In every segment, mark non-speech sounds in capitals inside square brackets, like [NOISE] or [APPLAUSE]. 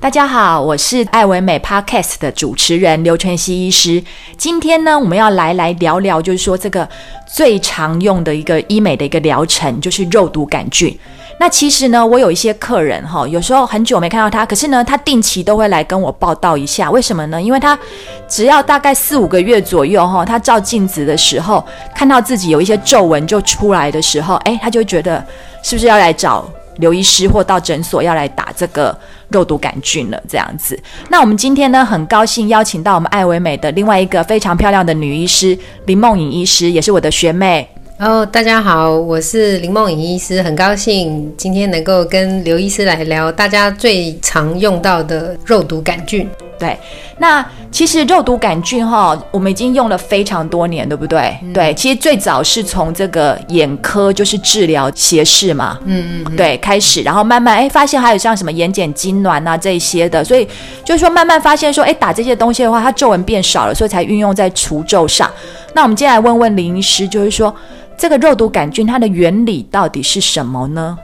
大家好，我是愛惟美 Podcast 的主持人劉淳熙醫師。今天呢，我們要來來聊聊，就是說這個最常用的一個醫美的一個療程，就是肉毒桿菌。那其實呢，我有一些客人哈，有時候很久沒看到他，可是呢，他定期都會來跟我報到一下。為什麼呢？因為他只要大概四五個月左右哈，他照鏡子的時候看到自己有一些皺紋就出來的時候，誒、欸，他就覺得是不是要來找劉醫師或到診所要來打這個。肉毒桿菌了，這樣子。那我們今天呢，很高興邀請到我們愛惟美的另外一個非常漂亮的女醫師，林孟穎醫師，也是我的學妹。哦，大家好，我是林孟穎醫師，很高興今天能夠跟劉醫師來聊大家最常用到的肉毒桿菌。對，那其實肉毒桿菌哈，我們已經用了非常多年，對不對？嗯，對，其實最早是從這個眼科就是治療斜視嘛，嗯，嗯嗯，對，開始，然後慢慢哎，發現還有像什麼眼瞼痙攣啊這些的，所以就是說慢慢發現說，哎，打這些東西的話，它皺紋變少了，所以才運用在除皺上。那我們接下來問問林醫師，就是說這個肉毒桿菌它的原理到底是什麼呢？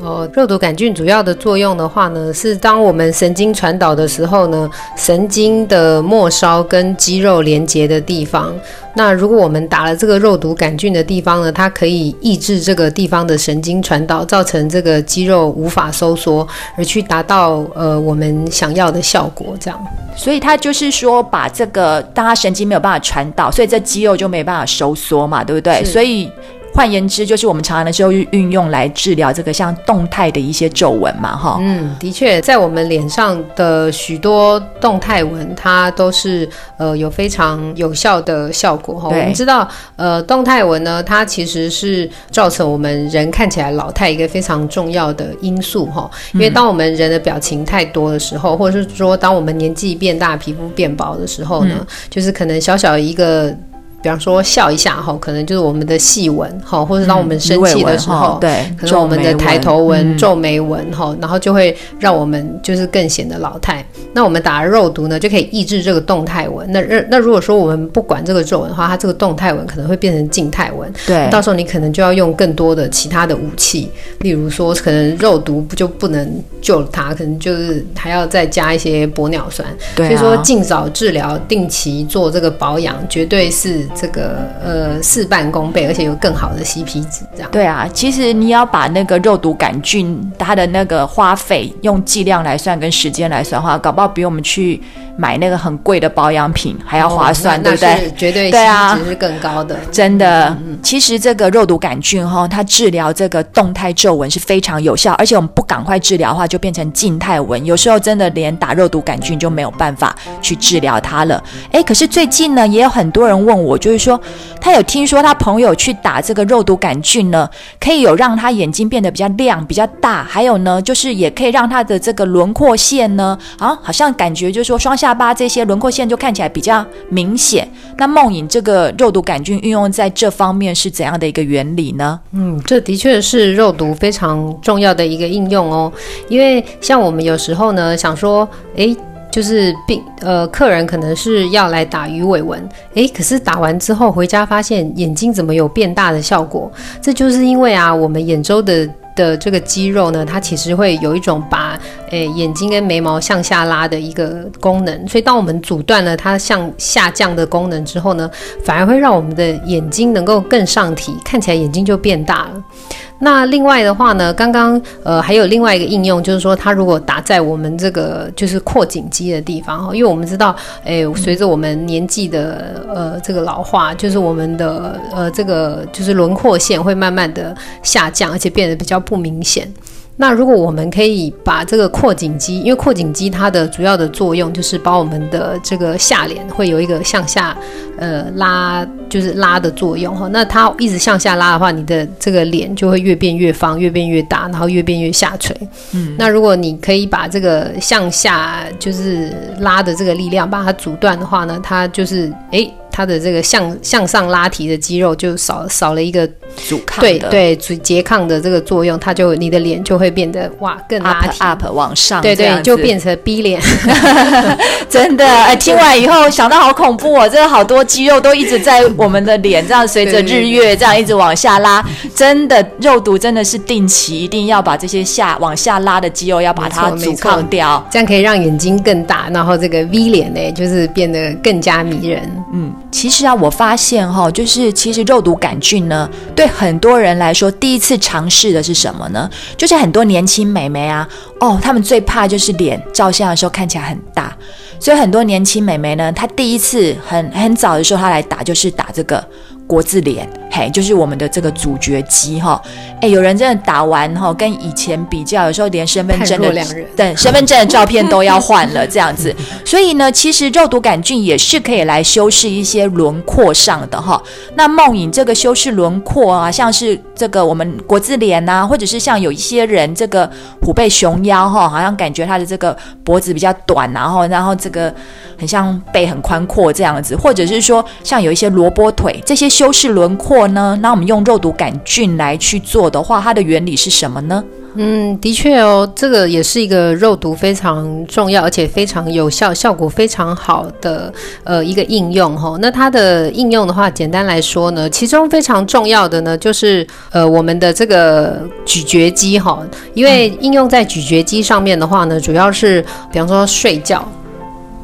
哦，肉毒桿菌主要的作用的話呢，是當我們神經傳導的時候呢，神經的末梢跟肌肉連接的地方。那如果我們打了這個肉毒桿菌的地方呢，它可以抑制這個地方的神經傳導，造成這個肌肉無法收縮，而去達到呃我們想要的效果。這樣，所以它就是說把這個，當它神經沒有辦法傳導，所以這肌肉就沒辦法收縮嘛，對不對？所以。換言之，就是我們常常的時候運用來治療這個像動態的一些皺紋嘛，哈。嗯，的確，在我們臉上的許多動態紋，它都是呃有非常有效的效果哈。我們知道，呃，動態紋呢，它其實是造成我們人看起來老態一個非常重要的因素哈。因為當我們人的表情太多的時候，嗯、或者是說當我們年紀變大、皮膚變薄的時候呢、嗯，就是可能小小一個。比方說笑一下哈，可能就是我們的細紋哈，或者當我們生氣的時候、嗯哦，對，可能我們的抬頭紋、皺眉紋哈、嗯，然後就會讓我們就是更顯得老態。那我們打了肉毒呢，就可以抑制這個動態紋。那那如果說我們不管這個皺紋的話，它這個動態紋可能會變成靜態紋。對，到時候你可能就要用更多的其他的武器，例如說可能肉毒不就不能救了它，可能就是還要再加一些玻尿酸。對、啊，所以說盡早治療、定期做這個保養，絕對是。這個呃事半功倍，而且有更好的 CP 值，這樣。對啊，其實你要把那個肉毒桿菌它的那個花費用劑量來算，跟時間來算的話，搞不好比我們去。買那個很貴的保養品還要划算，哦、對不對？是絕對對啊，值是更高的，啊、真的、嗯嗯。其實這個肉毒桿菌哈、哦，它治療這個動態皺紋是非常有效，而且我們不趕快治療的話，就變成靜態紋。有時候真的連打肉毒桿菌就沒有辦法去治療它了。哎，可是最近呢，也有很多人問我，就是說他有聽說他朋友去打這個肉毒桿菌呢，可以有讓他眼睛變得比較亮、比較大，還有呢，就是也可以讓他的這個輪廓線呢，啊，好像感覺就是說雙。下巴這些輪廓線就看起來比較明顯。那孟穎，這個肉毒桿菌運用在這方面是怎樣的一個原理呢？嗯，這的確是肉毒非常重要的一個應用哦。因為像我們有時候呢，想說，哎，就是病呃，客人可能是要來打魚尾紋，哎，可是打完之後回家發現眼睛怎麼有變大的效果？這就是因為啊，我們眼周的。的這個肌肉呢，它其實會有一種把誒、欸、眼睛跟眉毛向下拉的一個功能，所以當我們阻斷了它向下降的功能之後呢，反而會讓我們的眼睛能夠更上提，看起來眼睛就變大了。那另外的話呢，剛剛呃還有另外一個應用，就是說它如果打在我們這個就是闊頸肌的地方哦，因為我們知道，哎，隨着我們年紀的呃這個老化，就是我們的呃這個就是輪廓線會慢慢的下降，而且變得比較不明顯。那如果我們可以把這個闊頸肌，因為闊頸肌它的主要的作用就是把我們的這個下臉會有一個向下，呃拉，就是拉的作用哈。那它一直向下拉的話，你的這個臉就會越變越方，越變越大，然後越變越下垂。嗯。那如果你可以把這個向下就是拉的這個力量把它阻斷的話呢，它就是哎。誒它的這個向向上拉提的肌肉就少少了一個阻抗的，對對，阻拮抗的這個作用，它就你的臉就會變得哇更拉提 up, up 往上，對對，就變成 V 臉， [LAUGHS] [LAUGHS] [LAUGHS] 真的哎，聽完以後 [LAUGHS] 想到好恐怖哦，真的好多肌肉都一直在我們的臉這樣隨着日月這樣一直往下拉，真的肉毒真的是定期一定要把這些下往下拉的肌肉要把它阻抗掉，這樣可以讓眼睛更大，然後這個 V 臉呢、欸、就是變得更加迷人，嗯。嗯其實啊，我發現哈、哦，就是其實肉毒桿菌呢，對很多人來說，第一次嘗試的是什麼呢？就是很多年輕美眉啊，哦，她們最怕就是臉照相的時候看起來很大，所以很多年輕美眉呢，她第一次很很早的時候她來打，就是打這個國字臉。就是我們的這個主角肌哈。哎、欸，有人真的打完哈，跟以前比較，有時候連身份證的對身份證的照片都要換了 [LAUGHS] 這樣子。所以呢，其實肉毒桿菌也是可以來修飾一些輪廓上的哈。那孟穎這個修飾輪廓啊，像是這個我們國字臉吶、啊，或者是像有一些人這個虎背熊腰哈，好像感覺他的這個脖子比較短、啊，然後然後這個很像背很寬闊這樣子，或者是說像有一些蘿蔔腿這些修飾輪廓。那我們用肉毒桿菌來去做的話，它的原理是什麼呢？嗯，的確哦，這個也是一個肉毒非常重要而且非常有效、效果非常好的呃一個應用吼、哦，那它的應用的話，簡單來說呢，其中非常重要的呢，就是呃我們的這個咀嚼肌吼、哦，因為應用在咀嚼肌上面的話呢，主要是比方說睡覺。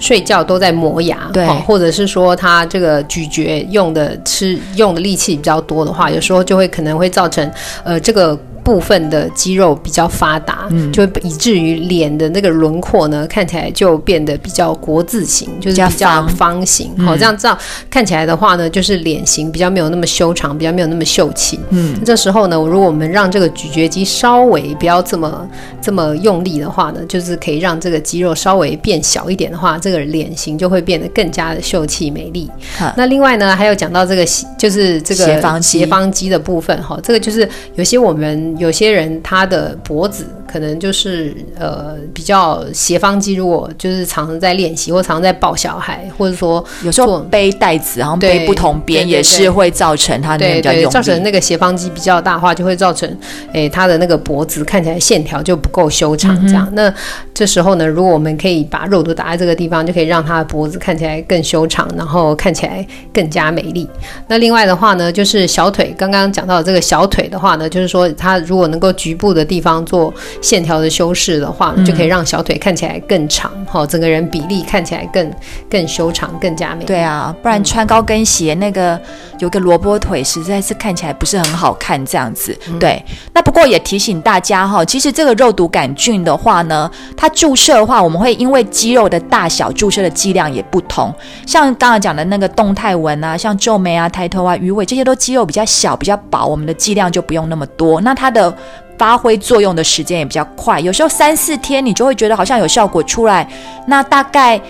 睡覺都在磨牙，對，哦，或者是說他這個咀嚼用的吃用的力氣比較多的話，有時候就會可能會造成呃這個。部分的肌肉比較發達，嗯，就會以至於臉的那個輪廓呢、嗯，看起來就變得比較國字形，就是比較方形，嗯、好，這樣這樣看起來的話呢，就是臉型比較沒有那麼修長，比較沒有那麼秀氣。嗯，這時候呢，如果我們讓這個咀嚼肌稍微不要這麼這麼用力的話呢，就是可以讓這個肌肉稍微變小一點的話，這個臉型就會變得更加的秀氣美麗、嗯。那另外呢，還有講到這個就是這個斜方斜方肌的部分哈，這個就是有些我們。有些人他的脖子可能就是呃比較斜方肌，如果就是常常在練習或常常在抱小孩，或者說有時候背帶子，然後背不同邊也是會造成他比較對對對，造成那個斜方肌比較大的話，就會造成誒、欸、他的那個脖子看起來線條就不夠修長這樣、嗯。那這時候呢，如果我們可以把肉毒打在這個地方，就可以讓他的脖子看起來更修長，然後看起來更加美麗。那另外的話呢，就是小腿，剛剛講到的這個小腿的話呢，就是說他如果能夠局部的地方做線條的修飾的話，就可以讓小腿看起來更長，哈、嗯哦，整個人比例看起來更更修長，更加美。對啊，不然穿高跟鞋、嗯、那個有個蘿蔔腿，實在是看起來不是很好看這樣子、嗯。對，那不過也提醒大家哈，其實這個肉毒桿菌的話呢，它注射的話，我們會因為肌肉的大小，注射的劑量也不同。像剛剛講的那個動態紋啊，像皺眉啊、抬頭啊、魚尾這些都肌肉比較小、比較薄，我們的劑量就不用那麼多。那它。它的發揮作用的時間也比較快，有時候三四天你就會覺得好像有效果出來，那大概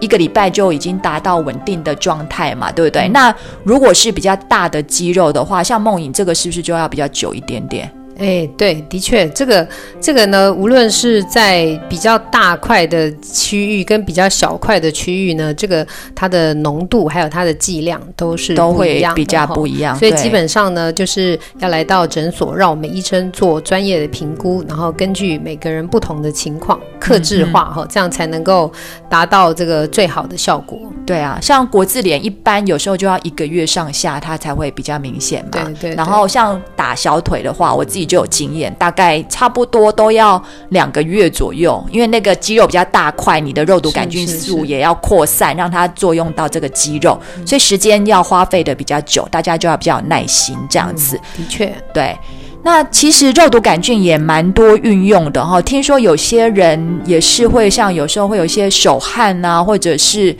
一個禮拜就已經達到穩定的狀態嘛，對不對？那如果是比較大的肌肉的話，像孟穎這個是不是就要比較久一點點？哎，對，的確，這個這個呢，無論是在比較大塊的區域跟比較小塊的區域呢，這個它的濃度還有它的劑量都是都會比較不一樣，哦，所以基本上呢，就是要來到診所，讓我們醫生做專業的評估，然後根據每個人不同的情況，客製化哈，嗯嗯哦，這樣才能夠達到這個最好的效果。對啊，像國字臉一般，有時候就要一個月上下它才會比較明顯嘛。對對，對。然後像打小腿的話，我自己。就有經驗，大概差不多都要兩個月左右，因為那個肌肉比較大塊，你的肉毒桿菌素也要擴散，是是是讓它作用到這個肌肉，嗯、所以時間要花費得比較久，大家就要比較有耐心這樣子。嗯、的確，對。那其實肉毒桿菌也蠻多運用的哈，聽說有些人也是會像有時候會有一些手汗吶、啊，或者是。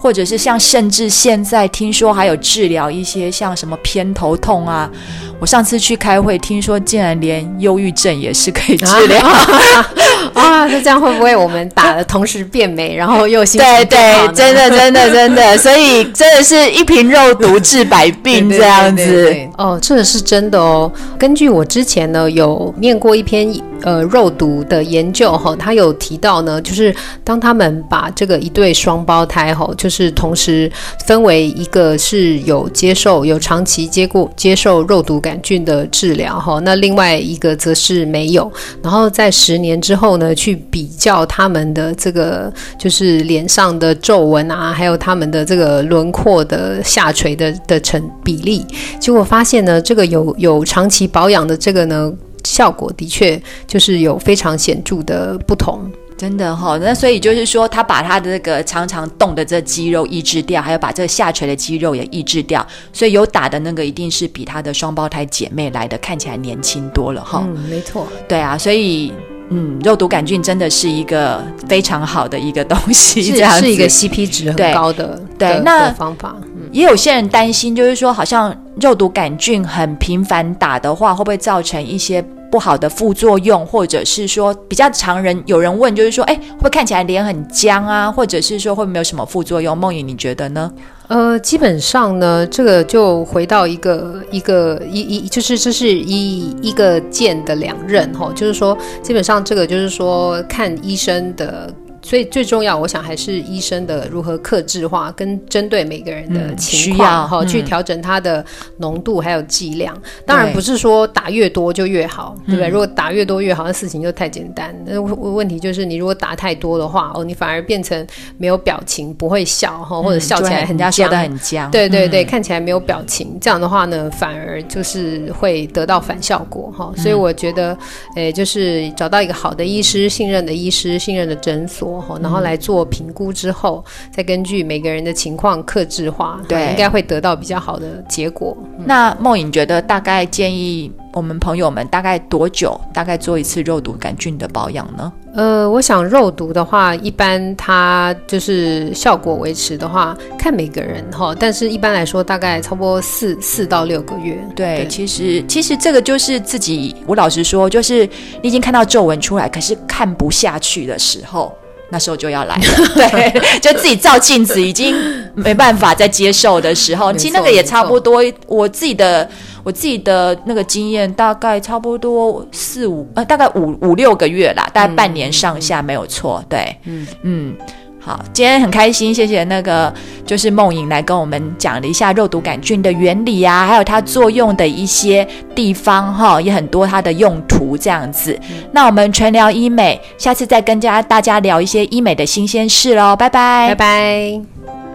或者是像甚至現在聽說還有治療一些像什麼偏頭痛啊，我上次去開會聽說竟然連憂鬱症也是可以治療啊！那、啊啊 [LAUGHS] 啊、這樣會不會我們打了同時變美，然後又心對對，真的真的真的，所以真的是一瓶肉毒治百病這樣子對對對對對對哦，這個是真的哦，根據我之前呢有念過一篇。呃，肉毒的研究哈、哦，他有提到呢，就是當他們把這個一對雙胞胎哈、哦，就是同時分為一個是有接受有長期接過接受肉毒桿菌的治療哈、哦，那另外一個則是沒有，然後在十年之後呢，去比較他們的這個就是臉上的皺紋啊，還有他們的這個輪廓的下垂的的成比例，結果發現呢，這個有有長期保養的這個呢。效果的確就是有非常顯著的不同，真的哈、哦。那所以就是說，他把他的這個常常動的這肌肉抑制掉，還有把這個下垂的肌肉也抑制掉。所以有打的那個一定是比他的雙胞胎姐妹來的看起來年輕多了哈、哦。嗯，沒錯。對啊，所以嗯，肉毒桿菌真的是一個非常好的一個東西，是，是一個 CP 值很高的對，對，對的方法。那也有些人擔心，就是說，好像肉毒桿菌很頻繁打的話，會不會造成一些不好的副作用，或者是說比較常人有人問，就是說，誒、欸，會不會看起來臉很僵啊，或者是說會,會沒有什麼副作用？孟穎，你覺得呢？呃，基本上呢，這個就回到一個一個一一，就是這、就是一一個劍的兩刃吼，就是說，基本上這個就是說看醫生的。所以最重要，我想還是醫生的如何客製化，跟針對每個人的情況哈、嗯哦嗯，去調整它的濃度還有劑量、嗯。當然不是說打越多就越好對，對不對？如果打越多越好，那事情就太簡單。那、嗯、問題就是，你如果打太多的話，哦，你反而變成沒有表情，不會笑哈，或者笑起來很僵，笑、嗯、得很僵。對對對、嗯，看起來沒有表情，這樣的話呢，反而就是會得到反效果哈、哦。所以我覺得，哎、嗯，就是找到一個好的醫師，信任的醫師，信任的診所。然後來做評估之後、嗯，再根據每個人的情況客製化，對，應該會得到比較好的結果。嗯、那孟穎覺得大概建議我們朋友們大概多久大概做一次肉毒桿菌的保養呢？呃，我想肉毒的話，一般它就是效果維持的話，看每個人哈，但是一般來說大概差不多四四到六個月。對，對，其實其實這個就是自己，我老實說，就是你已經看到皺紋出來，可是看不下去的時候。那時候就要來了，對， [LAUGHS] 就自己照鏡子，已經沒辦法再接受的時候，其實那個也差不多。我自己的，我自己的那個經驗大概差不多四五，呃、啊，大概五五六個月啦，大概半年上下沒有錯、嗯，對，嗯嗯。好，今天很開心，謝謝那個就是孟穎來跟我們講了一下肉毒桿菌的原理啊，還有它作用的一些地方哈、哦，也很多它的用途這樣子、嗯。那我們淳聊醫美，下次再跟家大家聊一些醫美的新鮮事嘍，拜拜，拜拜。